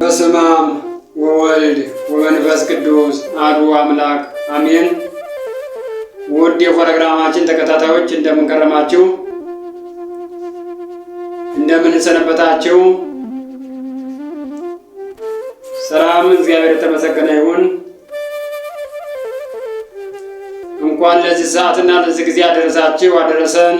በስመ አብ ወወልድ ወመንፈስ ቅዱስ አሐዱ አምላክ አሜን። ውድ የፕሮግራማችን ተከታታዮች እንደምን ከረማችሁ? እንደምን ሰነበታችሁ? ሰላም እግዚአብሔር የተመሰገነ ይሁን። እንኳን ለዚህ ሰዓትና ለዚህ ጊዜ አደረሳችሁ አደረሰን።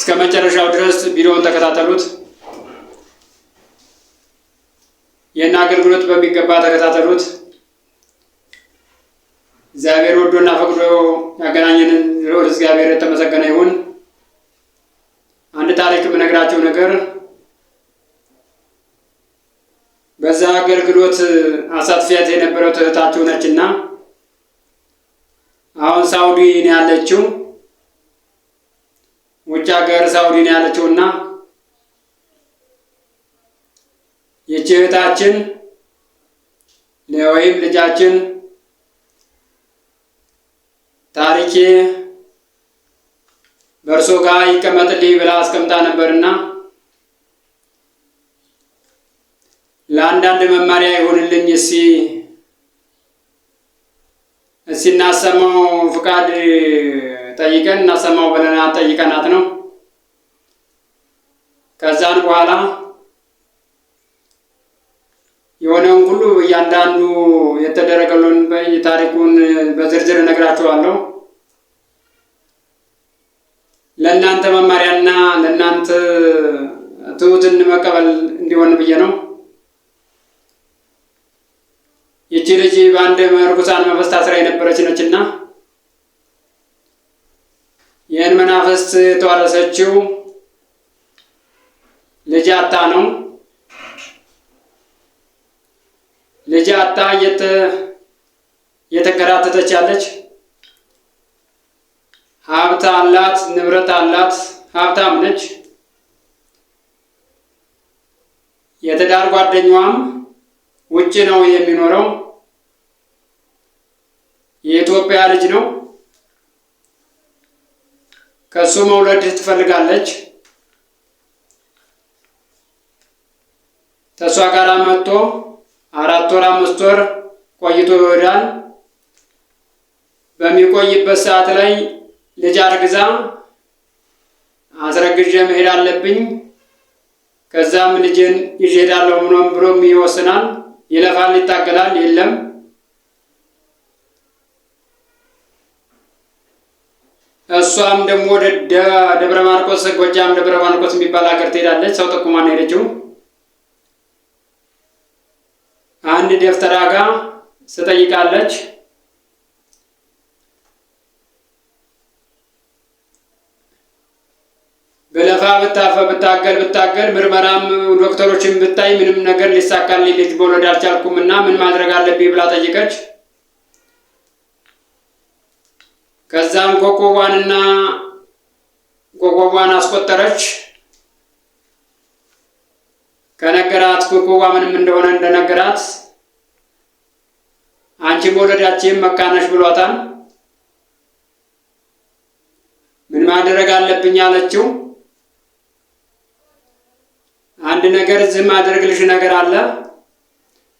እስከ መጨረሻው ድረስ ቪዲዮውን ተከታተሉት። ይህን አገልግሎት በሚገባ ተከታተሉት። እግዚአብሔር ወዶና ፈቅዶ ያገናኘንን ልዑል እግዚአብሔር የተመሰገነ ይሁን። አንድ ታሪክ የምነግራቸው ነገር በዛ አገልግሎት አሳትፊያት የነበረው ነች ነችና አሁን ሳውዲ ነው ያለችው። ሀገር ሳውዲ ነው ያለችውና ይቺ እህታችን ወይም ልጃችን ታሪኬ በእርሶ ጋር ይቀመጥልኝ ብላ አስቀምጣ ነበርና ለአንዳንድ መማሪያ ይሆንልኝ እሲ እሲ እናሰማው ፍቃድ ጠይቀን እናሰማው ብለን ጠይቀናት ነው። ታሪኩን በዝርዝር እነግራችኋለሁ። ለእናንተ መማሪያና ለእናንተ ትውትን መቀበል እንዲሆን ብዬ ነው። ይቺ ልጅ በአንድ መርኩሳን መንፈስ ታስራ የነበረች ነችና ይህን መናፍስት የተዋረሰችው ልጅ አታ ነው። ልጅ አታ የተ እየተንከራተተች ያለች ሀብት አላት፣ ንብረት አላት፣ ሀብታም ነች። የትዳር ጓደኛዋም ውጭ ነው የሚኖረው፣ የኢትዮጵያ ልጅ ነው። ከእሱ መውለድ ትፈልጋለች። ተሷ ጋር መጥቶ አራት ወር አምስት ወር ቆይቶ ይወዳል። በሚቆይበት ሰዓት ላይ ልጅ አርግዛ አስረግዤ መሄድ አለብኝ፣ ከዛም ልጅን ይሄዳለሁ ምኖም ብሎም ይወስናል። ይለፋል፣ ይታገላል። የለም እሷም ደግሞ ወደ ደብረ ማርቆስ ጎጃም ደብረ ማርቆስ የሚባል ሀገር ትሄዳለች። ሰው ጠቁማ ነው ሄደችው። አንድ ደብተራ ጋ ስጠይቃለች። ብታፈ ብታገል ብታገል ምርመራም ዶክተሮችን ብታይ ምንም ነገር ሊሳካልኝ ልጅ በወለድ አልቻልኩም እና ምን ማድረግ አለብኝ ብላ ጠይቀች። ከዛም ኮከቧንና ኮከቧን አስቆጠረች። ከነገራት ኮከቧ ምንም እንደሆነ እንደነገራት አንቺ በወለዳችን መካነሽ ብሏታል። ምን ማድረግ አለብኝ አለችው። ነገር እዚህ ማደርግልሽ ነገር አለ፣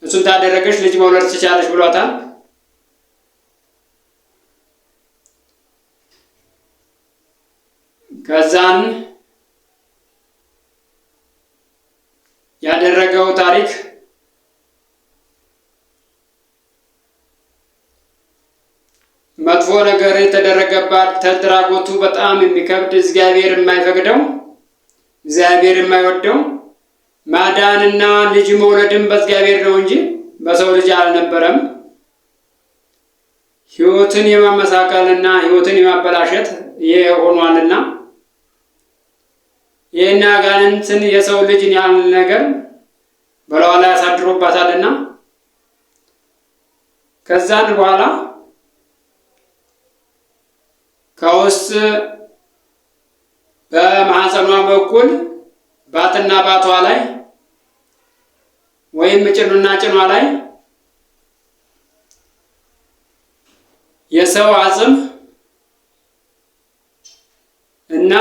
እሱን ታደረገሽ ልጅ መውለድ ትቻለች ብሏታል። ከዛን ያደረገው ታሪክ መጥፎ ነገር የተደረገባት ተድራጎቱ በጣም የሚከብድ እግዚአብሔር የማይፈቅደው እግዚአብሔር የማይወደው ማዳንና ልጅ መውለድም በእግዚአብሔር ነው እንጂ በሰው ልጅ አልነበረም። ሕይወትን የማመሳቀልና ሕይወትን የማበላሸት የሆኗልና ሆኗልና ይህን አጋንንትን የሰው ልጅን ያን ነገር በለዋላ ያሳድሮባታልና ከዛን በኋላ ከውስጥ በማህፀኗ በኩል ባትና ባቷ ላይ ወይም ጭኑና ጭኗ ላይ የሰው አጽም እና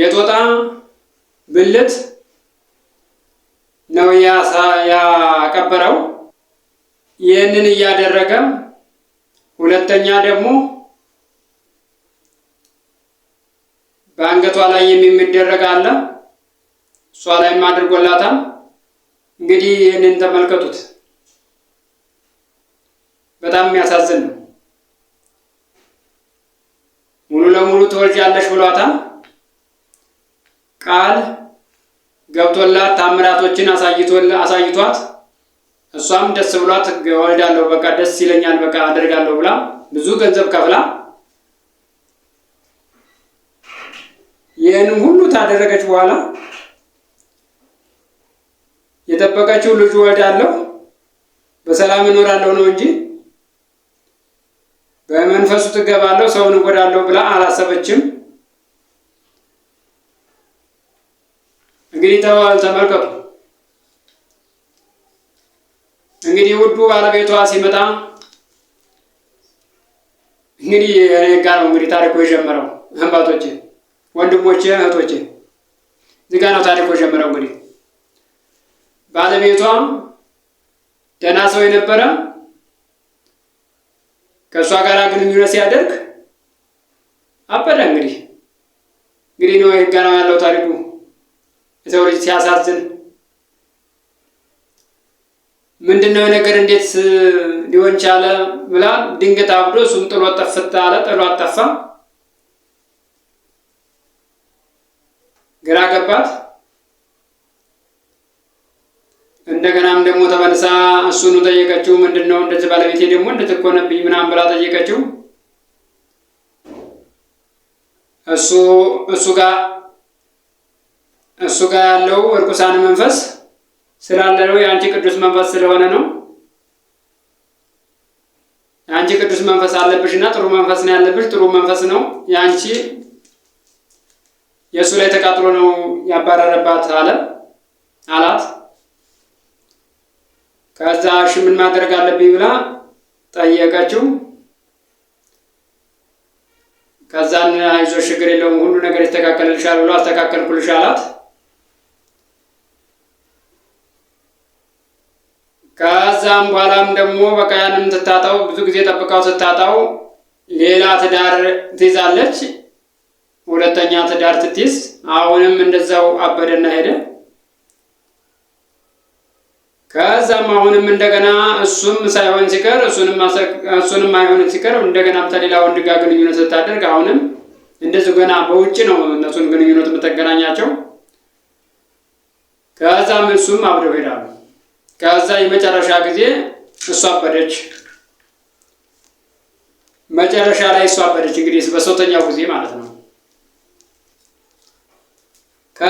የጦጣ ብልት ነው ያቀበረው። ይህንን እያደረገ ሁለተኛ ደግሞ በአንገቷ ላይ የሚደረግ አለ። እሷ ላይም አድርጎላታል። እንግዲህ ይህንን ተመልከቱት። በጣም የሚያሳዝን ነው። ሙሉ ለሙሉ ትወልጃለሽ ብሏታል። ቃል ገብቶላት ታምራቶችን አሳይቷት እሷም ደስ ብሏት ወልዳለሁ፣ በቃ ደስ ይለኛል፣ በቃ አደርጋለሁ ብላ ብዙ ገንዘብ ከፍላ ይህንም ሁሉ ታደረገች በኋላ የጠበቀችው ልጁ ወልዳለሁ በሰላም እኖራለሁ ነው እንጂ በመንፈሱ ትገባለሁ ሰውን እጎዳለሁ ብላ አላሰበችም። እንግዲህ ተዋል ተመልከቱ። እንግዲህ ውዱ ባለቤቷ ሲመጣ እንግዲህ እኔ ጋር ነው እንግዲህ ታሪኩ የጀመረው አባቶቼ ወንድሞቼ እህቶቼ፣ እዚህ ነው ታሪኮ ጀምረው እንግዲህ ባለቤቷም ደህና ሰው የነበረ ከእሷ ጋር ግንኙነት ሲያደርግ አበደ። እንግዲህ እንግዲህ ነው ይህ ያለው ታሪኩ። የሰው ልጅ ሲያሳዝን ምንድን ነው ነገር እንዴት ሊሆን ቻለ ብላ ድንገት አብዶ እሱም ጥሎ ጠፍታ አለ። ጥሎ አጠፋ። ግራ ገባት። እንደገናም ደግሞ ተመልሳ እሱኑ ጠየቀችው። ምንድን ነው እንደዚህ ባለቤቴ ደግሞ እንድትኮነብኝ ምናምን ብላ ጠየቀችው። እሱ እሱ ጋር እሱ ጋር ያለው እርኩሳን መንፈስ ስላለ ነው። የአንቺ ቅዱስ መንፈስ ስለሆነ ነው። የአንቺ ቅዱስ መንፈስ አለብሽ እና ጥሩ መንፈስ ነው ያለብሽ። ጥሩ መንፈስ ነው የአንቺ የእሱ ላይ ተቃጥሎ ነው ያባረረባት አለ አላት። ከዛ እሺ ምን ማድረግ አለብኝ ብላ ጠየቀችው። ከዛን አይዞ ችግር የለውም ሁሉ ነገር ይስተካከልልሻል ብሎ አስተካከልኩልሽ አላት። ከዛም በኋላም ደግሞ በቃ ያንም ትታጣው ብዙ ጊዜ ጠብቃው ስታጣው ሌላ ትዳር ትይዛለች። ሁለተኛ ትዳር ስትይዝ አሁንም እንደዛው አበደና ሄደ። ከዛም አሁንም እንደገና እሱም ሳይሆን ሲቀር እሱንም አይሆን ሲቀር እንደገና ተሌላ ወንድ ጋር ግንኙነት ስታደርግ አሁንም እንደዚሁ ገና በውጭ ነው እነሱን ግንኙነት የምትገናኛቸው። ከዛም እሱም አብደው ሄዳሉ። ከዛ የመጨረሻ ጊዜ እሷ አበደች። መጨረሻ ላይ እሷ አበደች። እንግዲህ በሶስተኛው ጊዜ ማለት ነው።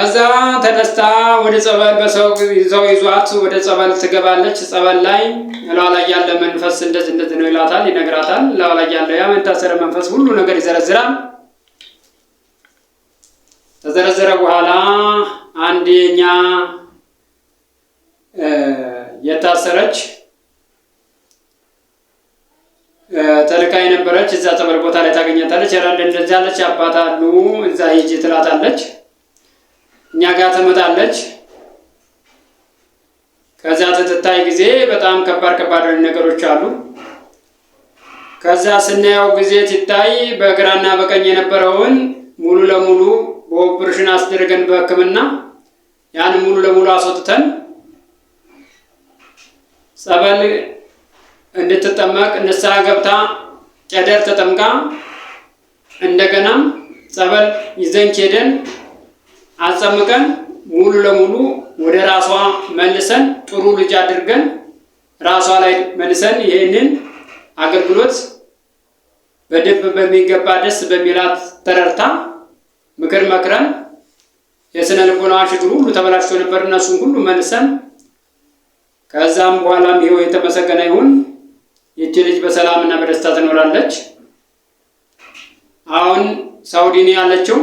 ከዛ ተነስታ ወደ ጸበል በሰው ይዘው ይዟት ወደ ጸበል ትገባለች። ጸበል ላይ ላዋ ላይ ያለ መንፈስ እንደዚህ እንደዚህ ነው ይላታል፣ ይነግራታል። ላዋ ላይ ያለው ያ የታሰረ መንፈስ ሁሉ ነገር ይዘረዝራል። ተዘረዘረ በኋላ አንድ የታሰረች ተልካ የነበረች እዛ ጸበል ቦታ ላይ ታገኛታለች። ራ እንደዚህ ያለች አባት እዛ ሂጂ ትላታለች። እኛ ጋር ትመጣለች። ከዛ ትትታይ ጊዜ በጣም ከባድ ከባድ ነገሮች አሉ። ከዚያ ስናየው ጊዜ ሲታይ በግራና በቀኝ የነበረውን ሙሉ ለሙሉ በኦፕሬሽን አስደረገን በሕክምና ያን ሙሉ ለሙሉ አስወጥተን ጸበል እንድትጠመቅ ንስሐ ገብታ ጨደር ተጠምቃ እንደገናም ጸበል ይዘን ሄደን አጸምቀን ሙሉ ለሙሉ ወደ ራሷ መልሰን ጥሩ ልጅ አድርገን ራሷ ላይ መልሰን ይህንን አገልግሎት በደንብ በሚገባ ደስ በሚላት ተረርታ ምክር መክረን የስነ ልቦና ሽግሩ ሁሉ ተበላሽቶ ነበር። እነሱን ሁሉ መልሰን ከዛም በኋላም ይኸው የተመሰገነ ይሁን ይቺ ልጅ በሰላም እና በደስታ ትኖራለች። አሁን ሳውዲኒ ያለችው።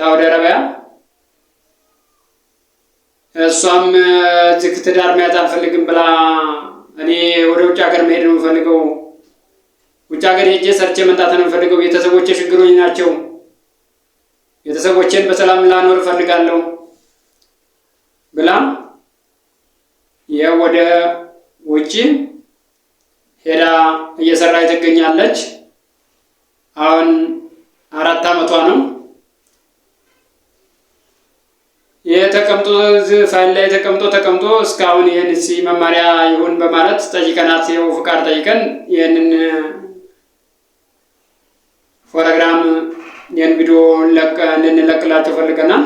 ሳውዲ አረቢያ እሷም ትክ ትዳር መያዝ አልፈልግም ብላ እኔ ወደ ውጭ ሀገር መሄድ ነው የምፈልገው፣ ውጭ ሀገር ሄጄ ሰርቼ መምጣት ነው የምፈልገው። ቤተሰቦቼ ችግሮኝ ናቸው። ቤተሰቦቼን በሰላም ላኖር እፈልጋለሁ ብላ ይኸው ወደ ውጭ ሄዳ እየሰራ ትገኛለች። አሁን አራት ዓመቷ ነው። የተቀምጦ ፋይል ላይ ተቀምጦ ተቀምጦ እስካሁን ይህን ሲ መማሪያ ይሁን በማለት ጠይቀናት ይኸው ፍቃድ ጠይቀን ይህንን ፎረግራም ይህን ቪዲዮ እንድንለቅላቸው ፈልገናል።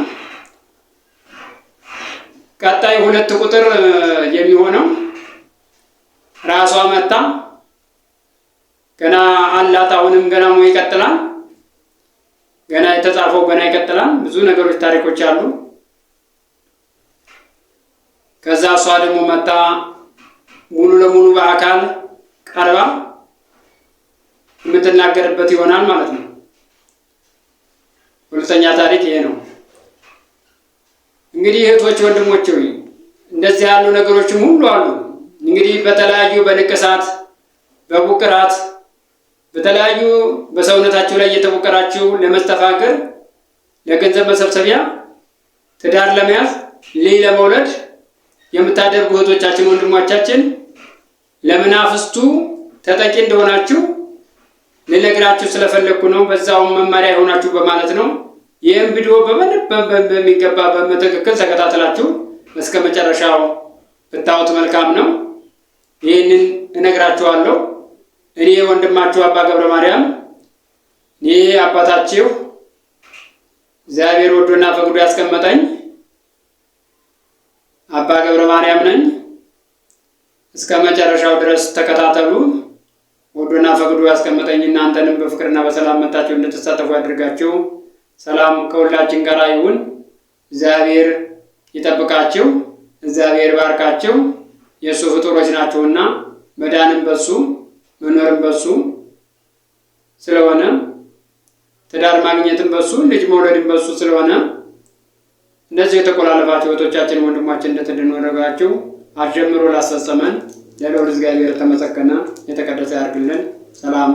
ቀጣይ ሁለት ቁጥር የሚሆነው ራሷ መታ ገና አላት። አሁንም ገና ሞ ይቀጥላል። ገና የተጻፈው ገና ይቀጥላል። ብዙ ነገሮች ታሪኮች አሉ። ከዛ እሷ ደግሞ መታ ሙሉ ለሙሉ በአካል ቀርባ የምትናገርበት ይሆናል ማለት ነው። ሁለተኛ ታሪክ ይሄ ነው። እንግዲህ እህቶች ወንድሞች፣ እንደዚህ ያሉ ነገሮችም ሁሉ አሉ። እንግዲህ በተለያዩ በንቅሳት፣ በቡቅራት፣ በተለያዩ በሰውነታችሁ ላይ እየተቡቀራችሁ ለመስተፋገር ለገንዘብ መሰብሰቢያ፣ ትዳር ለመያዝ፣ ልጅ ለመውለድ የምታደርጉ እህቶቻችን፣ ወንድሞቻችን ለመናፍስቱ ተጠቂ እንደሆናችሁ ልነግራችሁ ስለፈለግኩ ነው። በዛውም መመሪያ የሆናችሁ በማለት ነው። ይህም ቪዲዮ በሚገባ በመተክክል ተከታተላችሁ እስከ መጨረሻው ብታዩት መልካም ነው። ይህንን እነግራችኋለሁ። እኔ ወንድማችሁ አባ ገብረ ማርያም፣ ይህ አባታችሁ እግዚአብሔር ወዶና ፈቅዶ ያስቀመጠኝ አባ ገብረ ማርያም ነኝ። እስከ መጨረሻው ድረስ ተከታተሉ። ወዶና ፈቅዶ ያስቀመጠኝ እናንተንም በፍቅርና በሰላም መታችሁ እንድትሳተፉ ያድርጋችሁ። ሰላም ከሁላችን ጋር ይሁን። እግዚአብሔር ይጠብቃችሁ፣ እግዚአብሔር ባርካችሁ። የእሱ ፍጡሮች ናችሁና መዳንም በሱ መኖርም በሱ ስለሆነ ትዳር ማግኘትም በሱ ልጅ መውለድም በሱ ስለሆነ እነዚህ የተቆላለፋቸው ሕይወቶቻችን ወንድማችን እንደተደኖረጋችሁ አስጀምሮ ላስፈጸመን ለልዑል እግዚአብሔር ተመሰገነ የተቀደሰ ያድርግልን። ሰላም